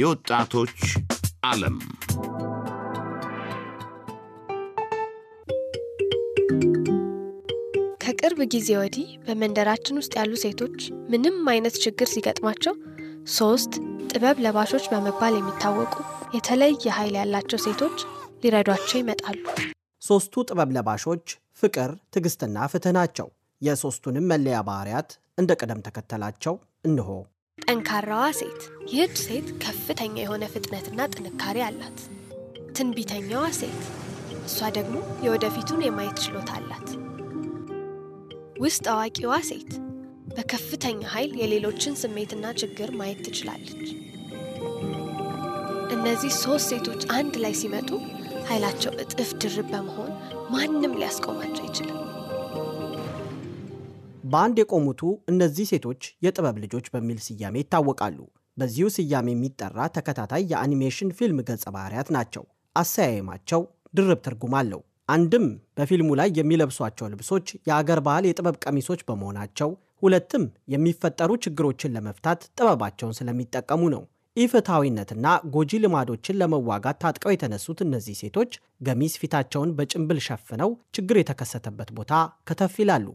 የወጣቶች ዓለም ከቅርብ ጊዜ ወዲህ በመንደራችን ውስጥ ያሉ ሴቶች ምንም አይነት ችግር ሲገጥማቸው ሶስት ጥበብ ለባሾች በመባል የሚታወቁ የተለየ ኃይል ያላቸው ሴቶች ሊረዷቸው ይመጣሉ። ሶስቱ ጥበብ ለባሾች ፍቅር፣ ትዕግስትና ፍትህ ናቸው። የሶስቱንም መለያ ባህሪያት እንደ ቅደም ተከተላቸው እንሆ ጠንካራዋ ሴት። ይህች ሴት ከፍተኛ የሆነ ፍጥነትና ጥንካሬ አላት። ትንቢተኛዋ ሴት። እሷ ደግሞ የወደፊቱን የማየት ችሎታ አላት። ውስጥ አዋቂዋ ሴት። በከፍተኛ ኃይል የሌሎችን ስሜትና ችግር ማየት ትችላለች። እነዚህ ሶስት ሴቶች አንድ ላይ ሲመጡ ኃይላቸው እጥፍ ድርብ በመሆን ማንም ሊያስቆማቸው አይችልም። በአንድ የቆሙቱ እነዚህ ሴቶች የጥበብ ልጆች በሚል ስያሜ ይታወቃሉ። በዚሁ ስያሜ የሚጠራ ተከታታይ የአኒሜሽን ፊልም ገጸ ባህሪያት ናቸው። አሰያየማቸው ድርብ ትርጉም አለው። አንድም በፊልሙ ላይ የሚለብሷቸው ልብሶች የአገር ባህል የጥበብ ቀሚሶች በመሆናቸው፣ ሁለትም የሚፈጠሩ ችግሮችን ለመፍታት ጥበባቸውን ስለሚጠቀሙ ነው። ኢፍትሐዊነትና ጎጂ ልማዶችን ለመዋጋት ታጥቀው የተነሱት እነዚህ ሴቶች ገሚስ ፊታቸውን በጭንብል ሸፍነው ችግር የተከሰተበት ቦታ ከተፍ ይላሉ።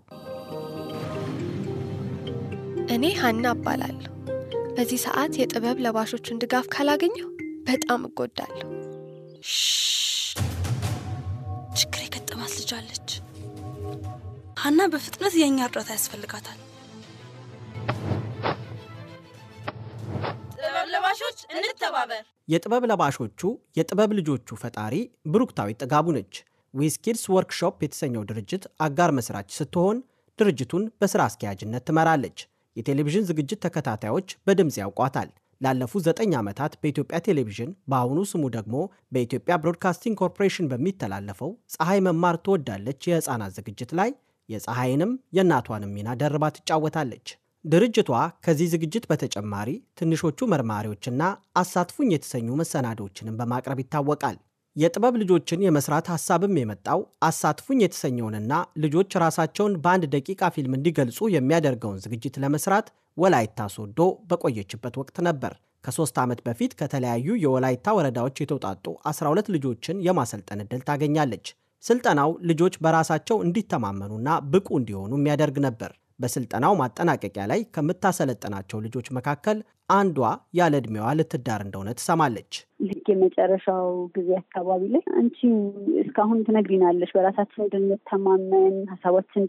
እኔ ሀና እባላለሁ። በዚህ ሰዓት የጥበብ ለባሾቹን ድጋፍ ካላገኘሁ በጣም እጎዳለሁ። ችግር የገጠማት ልጅ አለች። ሀና በፍጥነት የእኛ እርዳታ ያስፈልጋታል። ጥበብ ለባሾች እንተባበር። የጥበብ ለባሾቹ የጥበብ ልጆቹ ፈጣሪ ብሩክታዊት ጥጋቡ ነች። ዊስኪድስ ወርክሾፕ የተሰኘው ድርጅት አጋር መስራች ስትሆን ድርጅቱን በሥራ አስኪያጅነት ትመራለች። የቴሌቪዥን ዝግጅት ተከታታዮች በድምፅ ያውቋታል። ላለፉት ዘጠኝ ዓመታት በኢትዮጵያ ቴሌቪዥን በአሁኑ ስሙ ደግሞ በኢትዮጵያ ብሮድካስቲንግ ኮርፖሬሽን በሚተላለፈው ፀሐይ መማር ትወዳለች የሕፃናት ዝግጅት ላይ የፀሐይንም የእናቷንም ሚና ደርባ ትጫወታለች። ድርጅቷ ከዚህ ዝግጅት በተጨማሪ ትንሾቹ መርማሪዎችና አሳትፉኝ የተሰኙ መሰናዶዎችንም በማቅረብ ይታወቃል። የጥበብ ልጆችን የመስራት ሀሳብም የመጣው አሳትፉኝ የተሰኘውንና ልጆች ራሳቸውን በአንድ ደቂቃ ፊልም እንዲገልጹ የሚያደርገውን ዝግጅት ለመስራት ወላይታ ሶዶ በቆየችበት ወቅት ነበር። ከሶስት ዓመት በፊት ከተለያዩ የወላይታ ወረዳዎች የተውጣጡ 12 ልጆችን የማሰልጠን ዕድል ታገኛለች። ስልጠናው ልጆች በራሳቸው እንዲተማመኑና ብቁ እንዲሆኑ የሚያደርግ ነበር። በስልጠናው ማጠናቀቂያ ላይ ከምታሰለጥናቸው ልጆች መካከል አንዷ ያለ ልትዳር እንደሆነ ትሰማለች። ልክ የመጨረሻው ጊዜ አካባቢ ላይ አንቺ እስካሁን ትነግሪናለች፣ በራሳችን እንድንተማመን፣ ሀሳባችን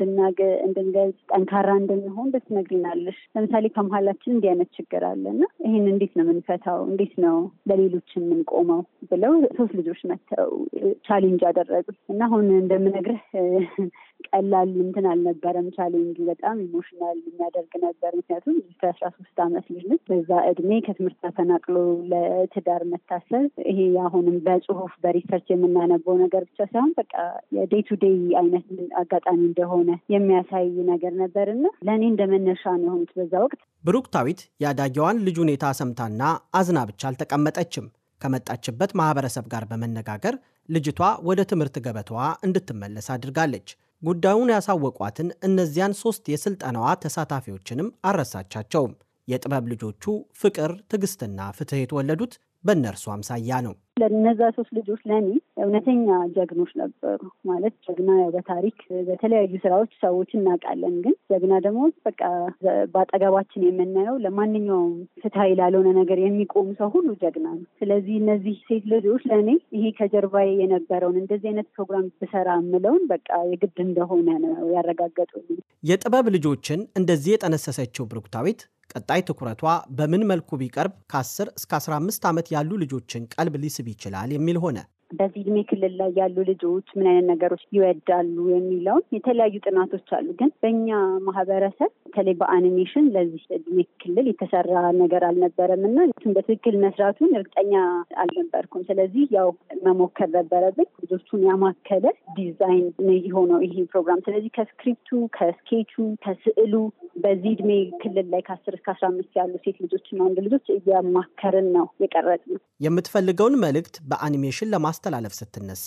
እንድንገልጽ፣ ጠንካራ እንድንሆን በትነግሪናለሽ። ለምሳሌ ከመሀላችን እንዲህ አይነት ችግር አለና ይህን እንዴት ነው የምንፈታው? እንዴት ነው ለሌሎች የምንቆመው? ብለው ሶስት ልጆች መጥተው ቻሌንጅ አደረጉ እና አሁን እንደምነግርህ ቀላል እንትን አልነበረም። ቻሌንጁ በጣም ኢሞሽናል የሚያደርግ ነበር። ምክንያቱም ከአስራ ሶስት አመት ልጅ ነች። በዛ እድሜ ከትምህርት ተፈናቅሎ ለትዳር መታሰብ ይሄ አሁንም በጽሁፍ በሪሰርች የምናነበው ነገር ብቻ ሳይሆን በቃ የዴይ ቱ ዴይ አይነት አጋጣሚ እንደሆነ የሚያሳይ ነገር ነበር እና ለእኔ እንደ መነሻ ነው የሆኑት በዛ ወቅት። ብሩክታዊት የአዳጊዋን ልጅ ሁኔታ ሰምታና አዝና ብቻ አልተቀመጠችም። ከመጣችበት ማህበረሰብ ጋር በመነጋገር ልጅቷ ወደ ትምህርት ገበታዋ እንድትመለስ አድርጋለች። ጉዳዩን ያሳወቋትን እነዚያን ሦስት የሥልጠናዋ ተሳታፊዎችንም አረሳቻቸውም። የጥበብ ልጆቹ ፍቅር፣ ትግስትና ፍትህ የተወለዱት በእነርሱ አምሳያ ነው። ለነዛ ሶስት ልጆች ለኔ እውነተኛ ጀግኖች ነበሩ። ማለት ጀግና ያው በታሪክ በተለያዩ ስራዎች ሰዎች እናውቃለን። ግን ጀግና ደግሞ በቃ በአጠገባችን የምናየው ለማንኛውም ፍትሐዊ ላልሆነ ነገር የሚቆም ሰው ሁሉ ጀግና ነው። ስለዚህ እነዚህ ሴት ልጆች ለእኔ ይሄ ከጀርባዬ የነበረውን እንደዚህ አይነት ፕሮግራም ብሰራ የምለውን በቃ የግድ እንደሆነ ነው ያረጋገጡ። የጥበብ ልጆችን እንደዚህ የጠነሰሰችው ብሩክታዊት ቀጣይ ትኩረቷ በምን መልኩ ቢቀርብ ከ10 እስከ 15 ዓመት ያሉ ልጆችን ቀልብ ሊስብ ይችላል የሚል ሆነ። በዚህ እድሜ ክልል ላይ ያሉ ልጆች ምን አይነት ነገሮች ይወዳሉ የሚለውን የተለያዩ ጥናቶች አሉ። ግን በእኛ ማህበረሰብ በተለይ በአኒሜሽን ለዚህ እድሜ ክልል የተሰራ ነገር አልነበረም እና በትክክል መስራቱን እርግጠኛ አልነበርኩም። ስለዚህ ያው መሞከር ነበረብን። ልጆቹን ያማከለ ዲዛይን የሆነው ይሄ ፕሮግራም። ስለዚህ ከስክሪፕቱ፣ ከስኬቹ፣ ከስዕሉ በዚህ እድሜ ክልል ላይ ከአስር እስከ አስራ አምስት ያሉ ሴት ልጆችና ወንድ ልጆች እያማከርን ነው የቀረጽ ነው። የምትፈልገውን መልእክት በአኒሜሽን ለማስተላለፍ ስትነሳ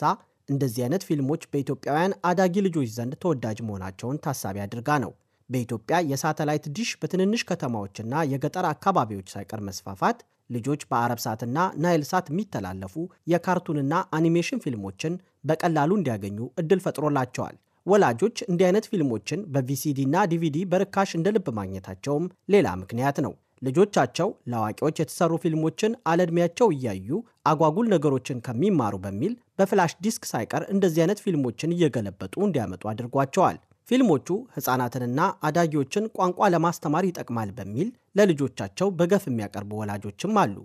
እንደዚህ አይነት ፊልሞች በኢትዮጵያውያን አዳጊ ልጆች ዘንድ ተወዳጅ መሆናቸውን ታሳቢ አድርጋ ነው። በኢትዮጵያ የሳተላይት ዲሽ በትንንሽ ከተማዎችና የገጠር አካባቢዎች ሳይቀር መስፋፋት ልጆች በአረብ ሳትና ናይል ሳት የሚተላለፉ የካርቱንና አኒሜሽን ፊልሞችን በቀላሉ እንዲያገኙ እድል ፈጥሮላቸዋል። ወላጆች እንዲህ አይነት ፊልሞችን በቪሲዲ እና ዲቪዲ በርካሽ እንደ ልብ ማግኘታቸውም ሌላ ምክንያት ነው። ልጆቻቸው ለአዋቂዎች የተሰሩ ፊልሞችን አለዕድሜያቸው እያዩ አጓጉል ነገሮችን ከሚማሩ በሚል በፍላሽ ዲስክ ሳይቀር እንደዚህ አይነት ፊልሞችን እየገለበጡ እንዲያመጡ አድርጓቸዋል። ፊልሞቹ ሕፃናትንና አዳጊዎችን ቋንቋ ለማስተማር ይጠቅማል በሚል ለልጆቻቸው በገፍ የሚያቀርቡ ወላጆችም አሉ።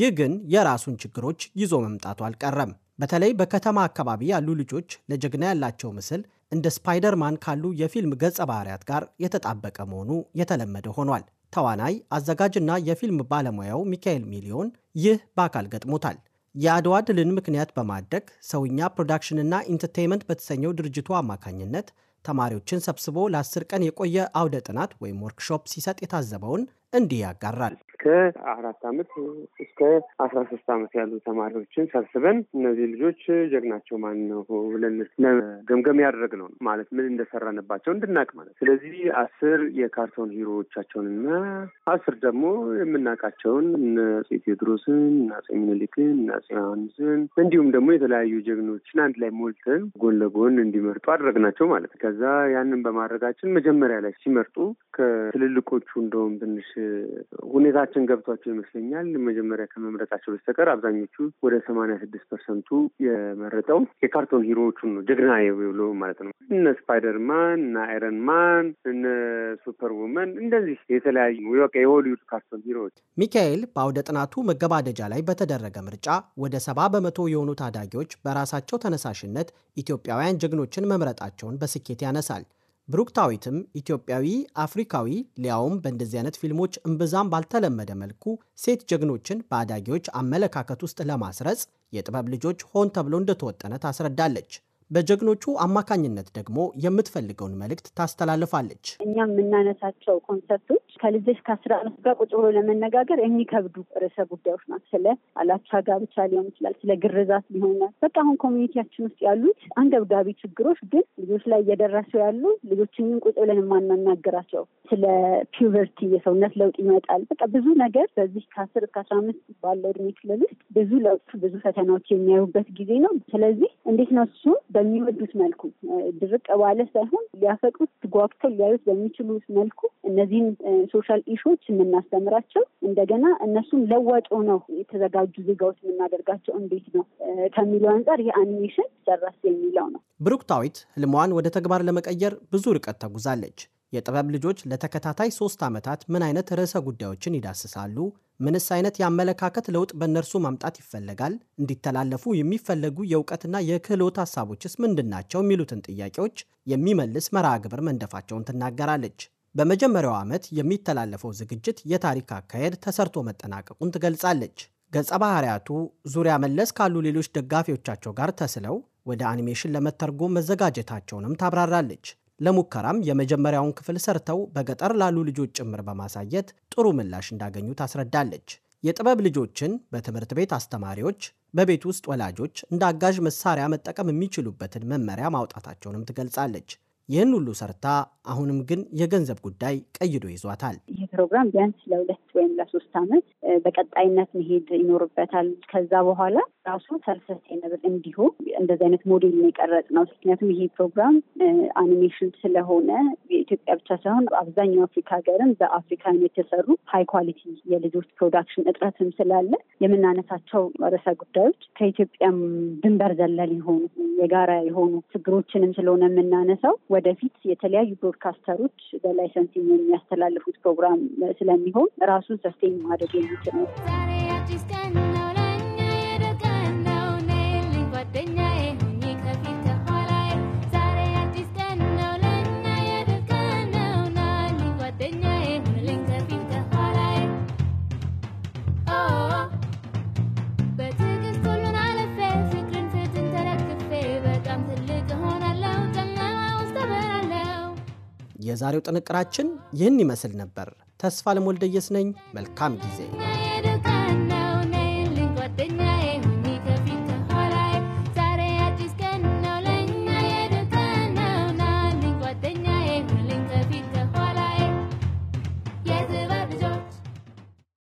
ይህ ግን የራሱን ችግሮች ይዞ መምጣቱ አልቀረም። በተለይ በከተማ አካባቢ ያሉ ልጆች ለጀግና ያላቸው ምስል እንደ ስፓይደርማን ካሉ የፊልም ገጸ ባህሪያት ጋር የተጣበቀ መሆኑ የተለመደ ሆኗል። ተዋናይ አዘጋጅና የፊልም ባለሙያው ሚካኤል ሚሊዮን ይህ በአካል ገጥሞታል። የአድዋ ድልን ምክንያት በማድረግ ሰውኛ ፕሮዳክሽንና ኢንተርቴንመንት በተሰኘው ድርጅቱ አማካኝነት ተማሪዎችን ሰብስቦ ለአስር ቀን የቆየ አውደ ጥናት ወይም ወርክሾፕ ሲሰጥ የታዘበውን እንዲህ ያጋራል። ከአራት አራት ዓመት እስከ አስራ ሶስት ዓመት ያሉ ተማሪዎችን ሰብስበን እነዚህ ልጆች ጀግናቸው ማን ነው ብለን ለገምገም ነው ማለት ምን እንደሰራንባቸው እንድናቅ ማለት። ስለዚህ አስር የካርቶን ሂሮዎቻቸውን እና አስር ደግሞ የምናውቃቸውን እነ አፄ ቴዎድሮስን እና አፄ ምኒልክን እና አፄ ዮሐንስን እንዲሁም ደግሞ የተለያዩ ጀግኖችን አንድ ላይ ሞልተን ጎን ለጎን እንዲመርጡ አድረግናቸው ማለት። ከዛ ያንን በማድረጋችን መጀመሪያ ላይ ሲመርጡ ከትልልቆቹ እንደውም ትንሽ ሁኔታችን ገብቷቸው ይመስለኛል መጀመሪያ ከመምረጣቸው በስተቀር አብዛኞቹ ወደ ሰማንያ ስድስት ፐርሰንቱ የመረጠው የካርቶን ሂሮዎቹን ነው ጀግና ብሎ ማለት ነው። እነ ስፓይደርማን እነ ማን፣ እነ ሱፐር ውመን እንደዚህ የተለያዩ የሆሊውድ ካርቶን ሂሮዎች። ሚካኤል በአውደ ጥናቱ መገባደጃ ላይ በተደረገ ምርጫ ወደ ሰባ በመቶ የሆኑ ታዳጊዎች በራሳቸው ተነሳሽነት ኢትዮጵያውያን ጀግኖችን መምረጣቸውን በስኬት ያነሳል። ብሩክታዊትም ኢትዮጵያዊ አፍሪካዊ ሊያውም በእንደዚህ አይነት ፊልሞች እምብዛም ባልተለመደ መልኩ ሴት ጀግኖችን በአዳጊዎች አመለካከት ውስጥ ለማስረጽ የጥበብ ልጆች ሆን ተብሎ እንደተወጠነ ታስረዳለች። በጀግኖቹ አማካኝነት ደግሞ የምትፈልገውን መልእክት ታስተላልፋለች። እኛ የምናነሳቸው ኮንሰርቶች ከልጆች ከአስራ አምስት ጋር ቁጭ ብሎ ለመነጋገር የሚከብዱ ርዕሰ ጉዳዮች ናት። ስለ አላቻ ጋብቻ ሊሆን ይችላል፣ ስለ ግርዛት ሊሆን በቃ አሁን ኮሚኒቲያችን ውስጥ ያሉት አንገብጋቢ ችግሮች ግን ልጆች ላይ እየደረሱ ያሉ ልጆችንም ቁጭ ብለን የማናናገራቸው ስለ ፒቨርቲ የሰውነት ለውጥ ይመጣል። በቃ ብዙ ነገር በዚህ ከአስር ከአስራ አምስት ባለው እድሜ ክልል ውስጥ ብዙ ለውጥ ብዙ ፈተናዎች የሚያዩበት ጊዜ ነው። ስለዚህ እንዴት ነው እሱ በሚወዱት መልኩ ድርቅ ባለ ሳይሆን ሊያፈቅሩት ጓጉተው ሊያዩት በሚችሉት መልኩ እነዚህን ሶሻል ኢሹዎች የምናስተምራቸው እንደገና እነሱን ለዋጭ ነው የተዘጋጁ ዜጋዎች የምናደርጋቸው እንዴት ነው ከሚለው አንጻር ይህ አኒሜሽን የሚለው ነው። ብሩክታዊት ህልሟን ወደ ተግባር ለመቀየር ብዙ ርቀት ተጉዛለች። የጥበብ ልጆች ለተከታታይ ሶስት ዓመታት ምን አይነት ርዕሰ ጉዳዮችን ይዳስሳሉ? ምንስ አይነት የአመለካከት ለውጥ በእነርሱ ማምጣት ይፈለጋል? እንዲተላለፉ የሚፈለጉ የእውቀትና የክህሎት ሀሳቦችስ ምንድን ናቸው? የሚሉትን ጥያቄዎች የሚመልስ መርሃ ግብር መንደፋቸውን ትናገራለች። በመጀመሪያው ዓመት የሚተላለፈው ዝግጅት የታሪክ አካሄድ ተሰርቶ መጠናቀቁን ትገልጻለች። ገጸ ባህርያቱ ዙሪያ መለስ ካሉ ሌሎች ደጋፊዎቻቸው ጋር ተስለው ወደ አኒሜሽን ለመተርጎም መዘጋጀታቸውንም ታብራራለች። ለሙከራም የመጀመሪያውን ክፍል ሰርተው በገጠር ላሉ ልጆች ጭምር በማሳየት ጥሩ ምላሽ እንዳገኙ ታስረዳለች። የጥበብ ልጆችን በትምህርት ቤት አስተማሪዎች፣ በቤት ውስጥ ወላጆች እንደ አጋዥ መሳሪያ መጠቀም የሚችሉበትን መመሪያ ማውጣታቸውንም ትገልጻለች። ይህን ሁሉ ሰርታ አሁንም ግን የገንዘብ ጉዳይ ቀይዶ ይዟታል። ይህ ፕሮግራም ቢያንስ ለሁለት ወይም ለሶስት ዓመት በቀጣይነት መሄድ ይኖርበታል። ከዛ በኋላ ራሱ ሰልሰስቴነብል እንዲሁም እንደዚህ አይነት ሞዴል ነው የቀረጽ ነው። ምክንያቱም ይሄ ፕሮግራም አኒሜሽን ስለሆነ የኢትዮጵያ ብቻ ሳይሆን አብዛኛው አፍሪካ ሀገርም በአፍሪካን የተሰሩ ሀይ ኳሊቲ የልጆች ፕሮዳክሽን እጥረትም ስላለ የምናነሳቸው ርዕሰ ጉዳዮች ከኢትዮጵያም ድንበር ዘለል የሆኑ የጋራ የሆኑ ችግሮችንም ስለሆነ የምናነሳው ወደፊት የተለያዩ ብሮድካስተሮች በላይሰንስ የሚያስተላልፉት ፕሮግራም ስለሚሆን ራሱን ሰስቴን ማድረግ የሚችል ነው። የዛሬው ጥንቅራችን ይህን ይመስል ነበር። ተስፋ ለሞልደየስ ነኝ። መልካም ጊዜ